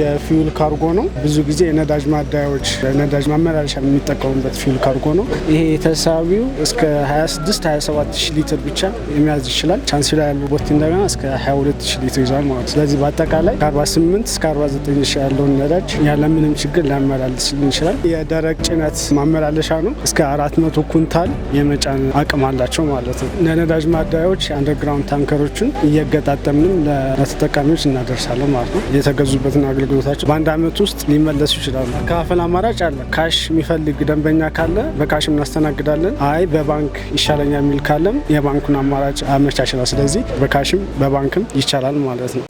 የፊውል ካርጎ ነው። ብዙ ጊዜ የነዳጅ ማደያዎች ነዳጅ ማመላለሻ የሚጠቀሙበት ፊውል ካርጎ ነው። ይሄ የተሳቢው እስከ 26 27 ሊትር ብቻ የሚያዝ ይችላል። ቻንሲላ ያሉ ቦቲ እንደገና እስከ 22 ሺ ሊትር ይዟል ማለት ነው። ስለዚህ በአጠቃላይ ከ48 እስከ 49 ሺህ ያለውን ነዳጅ ያለምንም ችግር ሊያመላልስልን ይችላል። የደረቅ ጭነት ማመላለሻ ነው። እስከ 400 ኩንታል የመጫን አቅም አላቸው ማለት ነው። ለነዳጅ ማደያዎች አንደርግራውንድ ታንከሮችን እየገጣጠምንም ለተጠቃሚዎች እናደርሳለን ማለት ነው። የተገዙበትን አገልግሎት ህይወታቸው በአንድ አመት ውስጥ ሊመለሱ ይችላሉ። ከፋፈል አማራጭ አለ። ካሽ የሚፈልግ ደንበኛ ካለ በካሽ እናስተናግዳለን። አይ በባንክ ይሻለኛል የሚል ካለም የባንኩን አማራጭ አመቻችላል። ስለዚህ በካሽም በባንክም ይቻላል ማለት ነው።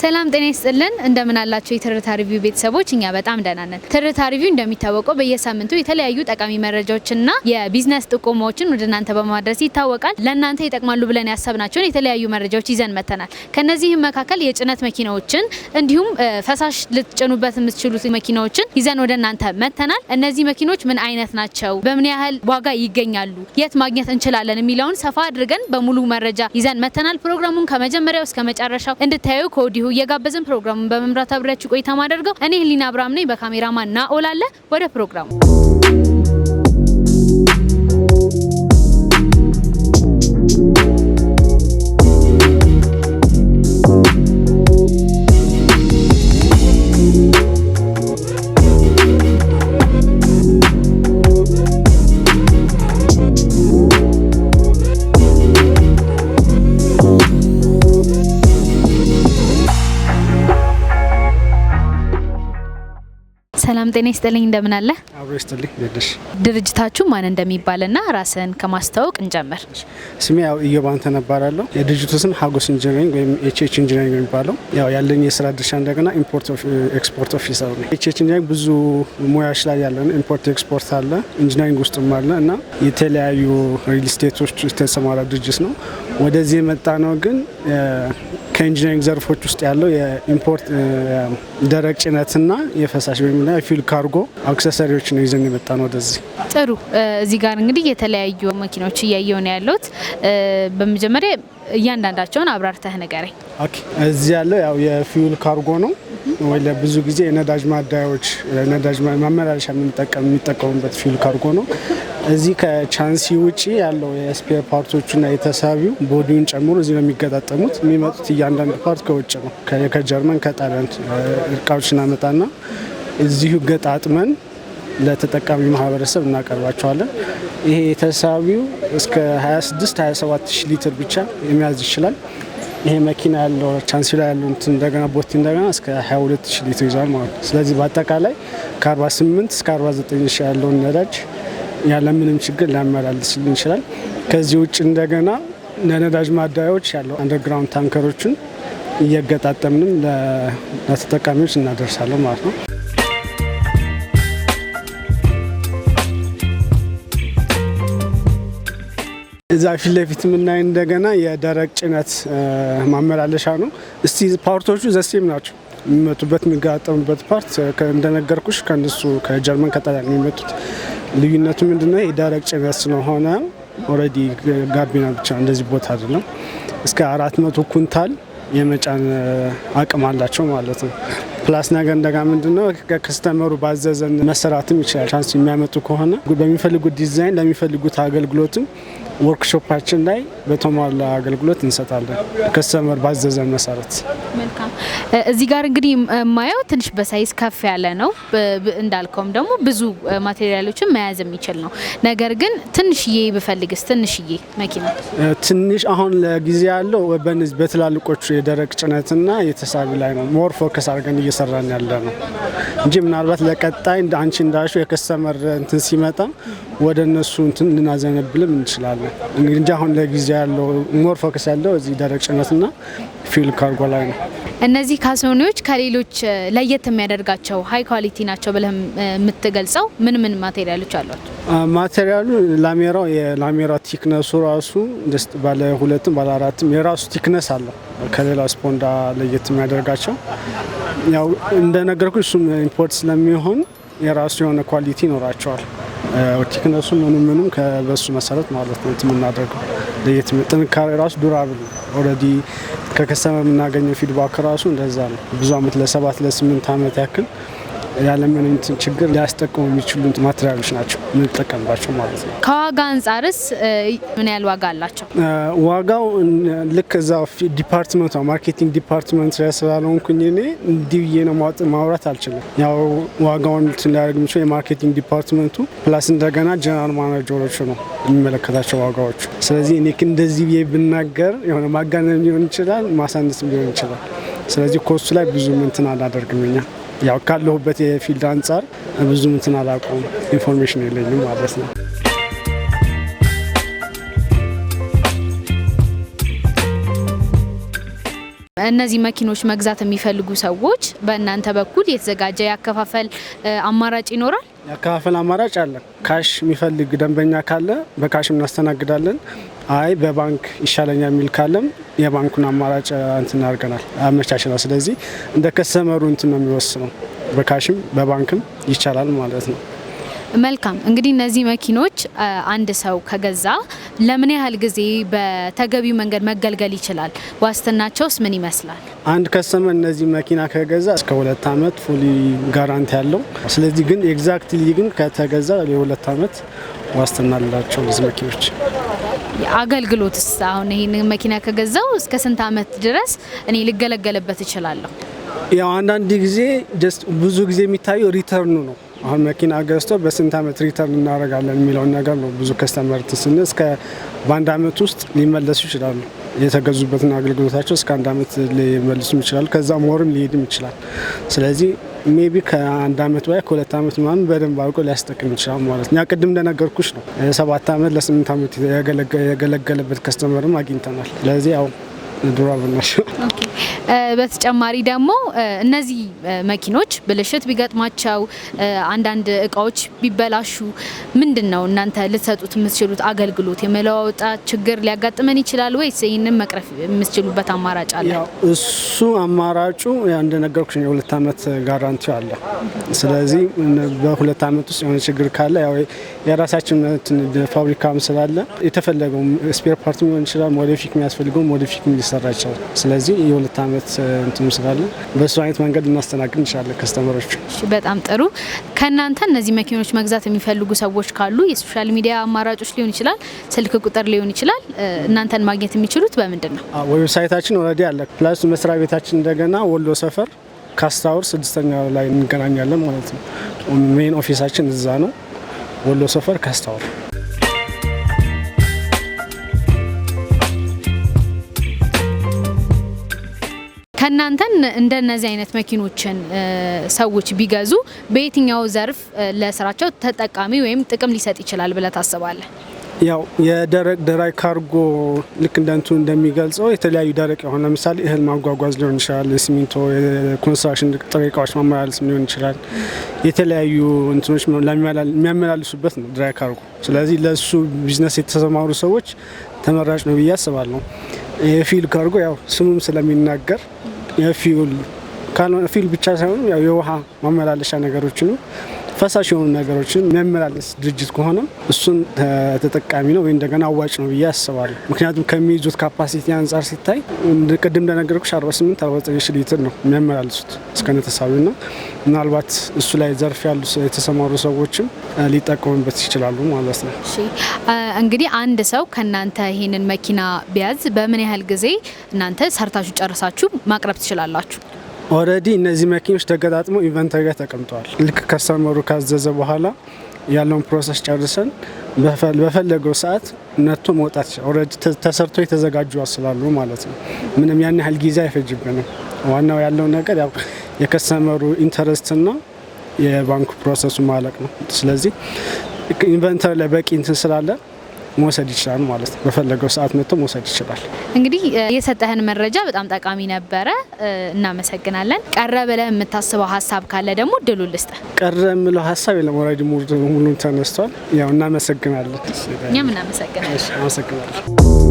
ሰላም ጤና ይስጥልን። እንደምን አላችሁ የትርታ ሪቪው ቤተሰቦች? እኛ በጣም ደህና ነን። ትርታ ሪቪው እንደሚታወቀው በየሳምንቱ የተለያዩ ጠቃሚ መረጃዎችና የቢዝነስ ጥቆማዎችን ወደ እናንተ በማድረስ ይታወቃል። ለእናንተ ይጠቅማሉ ብለን ያሰብናቸውን የተለያዩ መረጃዎች ይዘን መጥተናል። ከነዚህም መካከል የጭነት መኪናዎችን እንዲሁም ፈሳሽ ልትጭኑበት የምትችሉት መኪናዎችን ይዘን ወደ እናንተ መጥተናል። እነዚህ መኪኖች ምን አይነት ናቸው፣ በምን ያህል ዋጋ ይገኛሉ፣ የት ማግኘት እንችላለን የሚለውን ሰፋ አድርገን በሙሉ መረጃ ይዘን መጥተናል። ፕሮግራሙን ከመጀመሪያው እስከ መጨረሻው እንድታዩ ከወዲሁ እየጋበዝን ፕሮግራሙን በመምራት አብሬያችሁ ቆይታ ማደርገው እኔ ህሊና አብርሃም ነኝ። በካሜራማን ናኦል አለ። ወደ ፕሮግራሙ ሰላም ጤና ይስጥልኝ። እንደምን አለ? አብሮ ይስጥልኝ። ደደሽ ድርጅታችሁ ማን እንደሚባልና ራስን ከማስተዋወቅ እንጀምር። ስሜ ያው እየባን ተነባራለሁ። የድርጅቱ ስም ሀጎስ ኢንጂኒሪንግ ወይም ኤችኤች ኢንጂኒሪንግ የሚባለው ያው ያለኝ የስራ ድርሻ እንደገና ኢምፖርት ኤክስፖርት ኦፊሰር ነው። ኤችኤች ኢንጂኒሪንግ ብዙ ሙያዎች ላይ ያለ ነው። ኢምፖርት ኤክስፖርት አለ፣ ኢንጂኒሪንግ ውስጥም አለ እና የተለያዩ ሪል ስቴቶች የተሰማራ ድርጅት ነው። ወደዚህ የመጣ ነው ግን ከኢንጂኒሪንግ ዘርፎች ውስጥ ያለው የኢምፖርት ደረቅ ጭነትና የፈሳሽ ወይም ፊል ካርጎ አክሰሰሪዎች ነው ይዘን የመጣ ነው ወደዚህ። ጥሩ። እዚህ ጋር እንግዲህ የተለያዩ መኪናዎች እያየው ነው ያለሁት። በመጀመሪያ እያንዳንዳቸውን አብራርተህ ንገረኝ። እዚህ ያለው ያው የፊውል ካርጎ ነው ወይ ብዙ ጊዜ የነዳጅ ማደያዎች ነዳጅ ማመላለሻ የሚጠቀሙበት ፊውል ካርጎ ነው። እዚህ ከቻንሲ ውጪ ያለው የስፔር ፓርቶቹና የተሳቢው ቦዲውን ጨምሮ እዚህ ነው የሚገጣጠሙት። የሚመጡት እያንዳንዱ ፓርት ከውጭ ነው ከጀርመን ከጣሊያን እርቃዎች እናመጣና እዚሁ ገጣጥመን ለተጠቃሚ ማህበረሰብ እናቀርባቸዋለን። ይሄ የተሳቢው እስከ 26 27 ሺህ ሊትር ብቻ የሚያዝ ይችላል። ይሄ መኪና ያለው ቻንሲላ ያለው እንትን እንደገና ቦቲ እንደገና እስከ 22 ሺህ ሊትር ይዟል ማለት ነው። ስለዚህ በአጠቃላይ ከ48 እስከ 49 ሺህ ያለውን ነዳጅ ያለምንም ችግር ሊያመላልስልን ይችላል። ከዚህ ውጭ እንደገና ለነዳጅ ማደያዎች ያለው አንደርግራውንድ ታንከሮችን እየገጣጠምንም ለተጠቃሚዎች እናደርሳለን ማለት ነው። እዛ ፊት ለፊት የምናይ እንደገና የደረቅ ጭነት ማመላለሻ ነው። እስቲ ፓርቶቹ ዘሴም ናቸው የሚመጡበት የሚጋጠሙበት ፓርት እንደነገርኩሽ ከነሱ ከጀርመን ከጣሊያን የሚመጡት ልዩነቱ ምንድነው? የደረቅ ጭነት ስለሆነ ኦልሬዲ ጋቢና ብቻ እንደዚህ ቦታ አይደለም። እስከ አራት መቶ ኩንታል የመጫን አቅም አላቸው ማለት ነው። ፕላስ ነገር እንደጋ ምንድነው ከስተመሩ ባዘዘን መሰራትም ይችላል። ቻንስ የሚያመጡ ከሆነ በሚፈልጉት ዲዛይን ለሚፈልጉት አገልግሎትም ወርክሾፓችን ላይ በተሟላ አገልግሎት እንሰጣለን ከስተመር ባዘዘን መሰረት። መልካም። እዚህ ጋር እንግዲህ ማየው ትንሽ በሳይዝ ከፍ ያለ ነው። እንዳልከውም ደግሞ ብዙ ማቴሪያሎችን መያዝ የሚችል ነው። ነገር ግን ትንሽዬ ብፈልግስ? ትንሽዬ መኪና ትንሽ አሁን ለጊዜ ያለው በትላልቆቹ የደረቅ ጭነትና የተሳቢ ላይ ነው ሞር ፎከስ አድርገን እየሰራን ያለ ነው እንጂ ምናልባት ለቀጣይ አንቺ እንዳልሽው የከስተመር እንትን ሲመጣ ወደ እነሱ እንትን ልናዘነብልም እንችላለን። እንጂ አሁን ለጊዜ ያለው ሞር ፎከስ ያለው እዚህ ደረቅ ጭነትና ፊውል ካርጎ ላይ ነው። እነዚህ ካሶኒዎች ከሌሎች ለየት የሚያደርጋቸው ሀይ ኳሊቲ ናቸው ብለህ የምትገልጸው ምን ምን ማቴሪያሎች አሏቸው? ማቴሪያሉ ላሜራው የላሜራ ቲክነሱ ራሱ ባለ ሁለትም ባለ አራትም የራሱ ቲክነስ አለው። ከሌላ ስፖንዳ ለየት የሚያደርጋቸው ያው እንደነገርኩ እሱም ኢምፖርት ስለሚሆን የራሱ የሆነ ኳሊቲ ይኖራቸዋል። ቲክነሱ ምኑ ምንም በሱ መሰረት ማለት ነው የምናደርገው ለየት ጥንካሬ ራሱ ዱራብል ኦልሬዲ ከከሰመ የምናገኘው ፊድባክ ራሱ እንደዛ ነው። ብዙ አመት ለሰባት ለስምንት አመት ያክል ያለምንም ችግር ሊያስጠቅሙ የሚችሉ ማቴሪያሎች ናቸው የምንጠቀምባቸው ማለት ነው። ከዋጋ አንጻርስ ምን ያህል ዋጋ አላቸው? ዋጋው ልክ እዛ ዲፓርትመንቱ ማርኬቲንግ ዲፓርትመንት ላይ ስላልሆንኩኝ እኔ እንዲህ ብዬ ነው ማውራት አልችልም። ያው ዋጋውን ሊያደርግ የሚችለው የማርኬቲንግ ዲፓርትመንቱ ፕላስ እንደገና ጀነራል ማናጀሮች ነው የሚመለከታቸው ዋጋዎች። ስለዚህ እኔ እንደዚህ ብዬ ብናገር የሆነ ማጋነን ሊሆን ይችላል፣ ማሳነስም ሊሆን ይችላል። ስለዚህ ኮስቱ ላይ ብዙ ምንትን አላደርግም እኛ ያው ካለሁበት የፊልድ አንጻር ብዙም እንትን አላውቀውም፣ ኢንፎርሜሽን የለኝም ማለት ነው። እነዚህ መኪኖች መግዛት የሚፈልጉ ሰዎች በእናንተ በኩል የተዘጋጀ የአከፋፈል አማራጭ ይኖራል? የአከፋፈል አማራጭ አለ። ካሽ የሚፈልግ ደንበኛ ካለ በካሽ እናስተናግዳለን። አይ በባንክ ይሻለኛል የሚል ካለም የባንኩን አማራጭ እንትን አድርገናል አመቻችናል። ስለዚህ እንደ ከሰመሩ እንትን ነው የሚወስነው። በካሽም በባንክም ይቻላል ማለት ነው። መልካም እንግዲህ እነዚህ መኪኖች አንድ ሰው ከገዛ ለምን ያህል ጊዜ በተገቢው መንገድ መገልገል ይችላል? ዋስትናቸውስ ምን ይመስላል? አንድ ከሰመ እነዚህ መኪና ከገዛ እስከ ሁለት ዓመት ፉሊ ጋራንቲ ያለው ስለዚህ ግን ኤግዛክትሊ ግን ከተገዛ የሁለት ዓመት ዋስትና አላቸው እነዚህ መኪኖች። አገልግሎትስ አሁን ይህን መኪና ከገዛው እስከ ስንት አመት ድረስ እኔ ልገለገልበት እችላለሁ? ያው አንዳንድ ጊዜ ጀስት ብዙ ጊዜ የሚታየው ሪተርኑ ነው። አሁን መኪና ገዝቶ በስንት አመት ሪተርን እናደርጋለን የሚለውን ነገር ነው። ብዙ ከስተመር ትስነ እስከ በአንድ አመት ውስጥ ሊመለሱ ይችላሉ። የተገዙበትን አገልግሎታቸው እስከ አንድ ዓመት ሊመልሱም ይችላሉ። ከዛ ሞርም ሊሄድም ይችላል። ስለዚህ ሜቢ ከአንድ አመት በላይ ከሁለት አመት ምናምን በደንብ አውቆ ሊያስጠቅም ይችላል ማለት ነው። ቅድም እንደነገርኩሽ ነው ሰባት አመት ለስምንት አመት የገለገለበት ከስተመርም አግኝተናል። ለዚህ ያው በተጨማሪ ደግሞ እነዚህ መኪኖች ብልሽት ቢገጥማቸው አንዳንድ እቃዎች ቢበላሹ ምንድን ነው እናንተ ልትሰጡት የምትችሉት አገልግሎት? የመለዋወጣ ችግር ሊያጋጥመን ይችላል ወይስ ይህንን መቅረፍ የምትችሉበት አማራጭ አለ? እሱ አማራጩ እንደነገርኩሽ የሁለት ዓመት ጋራንቲ አለ። ስለዚህ በሁለት ዓመት ውስጥ የሆነ ችግር ካለ የራሳችን ፋብሪካም ስላለ የተፈለገው ስፔር ፓርት ሊሆን ይችላል ሞዴፊክ የሚያስፈልገው ሞዴፊክ የሰራቸው። ስለዚህ የሁለት ዓመት እንትን ስላለ በእሱ አይነት መንገድ እናስተናግድ እንችላለን ከስተመሮች። በጣም ጥሩ። ከእናንተ እነዚህ መኪኖች መግዛት የሚፈልጉ ሰዎች ካሉ የሶሻል ሚዲያ አማራጮች ሊሆን ይችላል፣ ስልክ ቁጥር ሊሆን ይችላል፣ እናንተን ማግኘት የሚችሉት በምንድን ነው? ዌብሳይታችን ኦልሬዲ አለ። ፕላስ መስሪያ ቤታችን እንደገና ወሎ ሰፈር ካስታወር ስድስተኛ ላይ እንገናኛለን ማለት ነው። ሜን ኦፊሳችን እዛ ነው፣ ወሎ ሰፈር ካስታወር ከእናንተን እንደነዚህ አይነት መኪኖችን ሰዎች ቢገዙ በየትኛው ዘርፍ ለስራቸው ተጠቃሚ ወይም ጥቅም ሊሰጥ ይችላል ብለ ታስባለ? ያው የደረቅ ድራይ ካርጎ ልክ እንደንቱ እንደሚገልጸው የተለያዩ ደረቅ የሆነ ለምሳሌ እህል ማጓጓዝ ሊሆን ይችላል። ሲሚንቶ፣ የኮንስትራክሽን ጥሬ እቃዎች ማመላለስ ሊሆን ይችላል። የተለያዩ እንትኖች የሚያመላልሱበት ነው ድራይ ካርጎ። ስለዚህ ለእሱ ቢዝነስ የተሰማሩ ሰዎች ተመራጭ ነው ብዬ አስባለሁ። የፊል ካርጎ ያው ስሙም ስለሚናገር የፊውል ካልሆነ ብቻ ሳይሆን የውሃ ማመላለሻ ነገሮችን ፈሳሽ የሆኑ ነገሮችን የሚያመላልስ ድርጅት ከሆነ እሱን ተጠቃሚ ነው ወይ እንደገና አዋጭ ነው ብዬ አስባለሁ። ምክንያቱም ከሚይዙት ካፓሲቲ አንጻር ሲታይ ቅድም እንደነገርኩሽ 48 49 ሊትር ነው የሚያመላልሱት እስከነተሳቢና ምናልባት እሱ ላይ ዘርፍ ያሉ የተሰማሩ ሰዎችም ሊጠቀሙበት ይችላሉ ማለት ነው። እንግዲህ አንድ ሰው ከእናንተ ይህንን መኪና ቢያዝ በምን ያህል ጊዜ እናንተ ሰርታችሁ ጨርሳችሁ ማቅረብ ትችላላችሁ? ኦልሬዲ እነዚህ መኪኖች ተገጣጥመው ኢንቨንተሪ ጋር ተቀምጠዋል። ልክ ከስተመሩ ካዘዘ በኋላ ያለውን ፕሮሰስ ጨርሰን በፈለገው ሰዓት ነቶ መውጣት ኦልሬዲ ተሰርቶ የተዘጋጁ ስላሉ ማለት ነው። ምንም ያን ያህል ጊዜ አይፈጅብንም። ዋናው ያለው ነገር ያው የከስተመሩ ኢንተረስትና የባንክ ፕሮሰሱ ማለቅ ነው። ስለዚህ ኢንቨንተሪ ላይ በቂ እንትን ስላለ መውሰድ ይችላል ማለት ነው። በፈለገው ሰዓት መጥቶ መውሰድ ይችላል። እንግዲህ የሰጠህን መረጃ በጣም ጠቃሚ ነበረ፣ እናመሰግናለን። ቀረ ብለህ የምታስበው ሀሳብ ካለ ደግሞ ድሉ ልስጥ። ቀረ የምለው ሀሳብ የለም፣ ወራጅ ሙሉ ተነስቷል። ያው እናመሰግናለን። እኛም እናመሰግናለን። አመሰግናለሁ።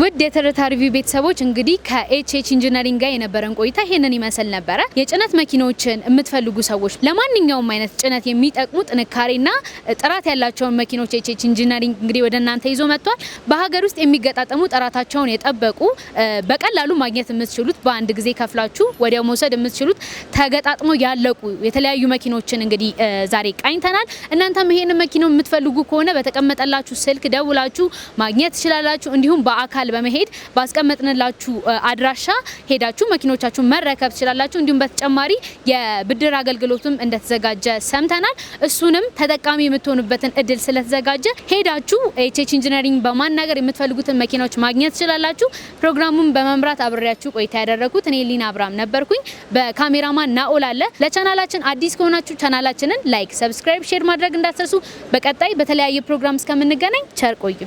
ውድ የተረታ ሪቪው ቤተሰቦች እንግዲህ ከኤችኤች ኢንጂነሪንግ ጋር የነበረን ቆይታ ይሄንን ይመስል ነበረ። የጭነት መኪኖችን የምትፈልጉ ሰዎች ለማንኛውም አይነት ጭነት የሚጠቅሙ ጥንካሬና ጥራት ያላቸውን መኪኖች ኤችኤች ኢንጂነሪንግ እንግዲህ ወደ እናንተ ይዞ መጥቷል። በሀገር ውስጥ የሚገጣጠሙ ጥራታቸውን የጠበቁ በቀላሉ ማግኘት የምትችሉት በአንድ ጊዜ ከፍላችሁ ወዲያው መውሰድ የምትችሉት ተገጣጥሞ ያለቁ የተለያዩ መኪኖችን እንግዲህ ዛሬ ቃኝተናል። እናንተም ይሄንን መኪና የምትፈልጉ ከሆነ በተቀመጠላችሁ ስልክ ደውላችሁ ማግኘት ትችላላችሁ። እንዲሁም በአካል ሆስፒታል በመሄድ ባስቀመጥንላችሁ አድራሻ ሄዳችሁ መኪኖቻችሁን መረከብ ትችላላችሁ። እንዲሁም በተጨማሪ የብድር አገልግሎትም እንደተዘጋጀ ሰምተናል። እሱንም ተጠቃሚ የምትሆኑበትን እድል ስለተዘጋጀ ሄዳችሁ ኤችኤች ኢንጂነሪንግ በማናገር የምትፈልጉትን መኪናዎች ማግኘት ትችላላችሁ። ፕሮግራሙን በመምራት አብሬያችሁ ቆይታ ያደረኩት እኔ ሊና አብርሃም ነበርኩኝ። በካሜራማን ናኦል አለ። ለቻናላችን አዲስ ከሆናችሁ ቻናላችንን ላይክ፣ ሰብስክራይብ፣ ሼር ማድረግ እንዳትረሱ። በቀጣይ በተለያየ ፕሮግራም እስከምንገናኝ ቸር ቆዩ።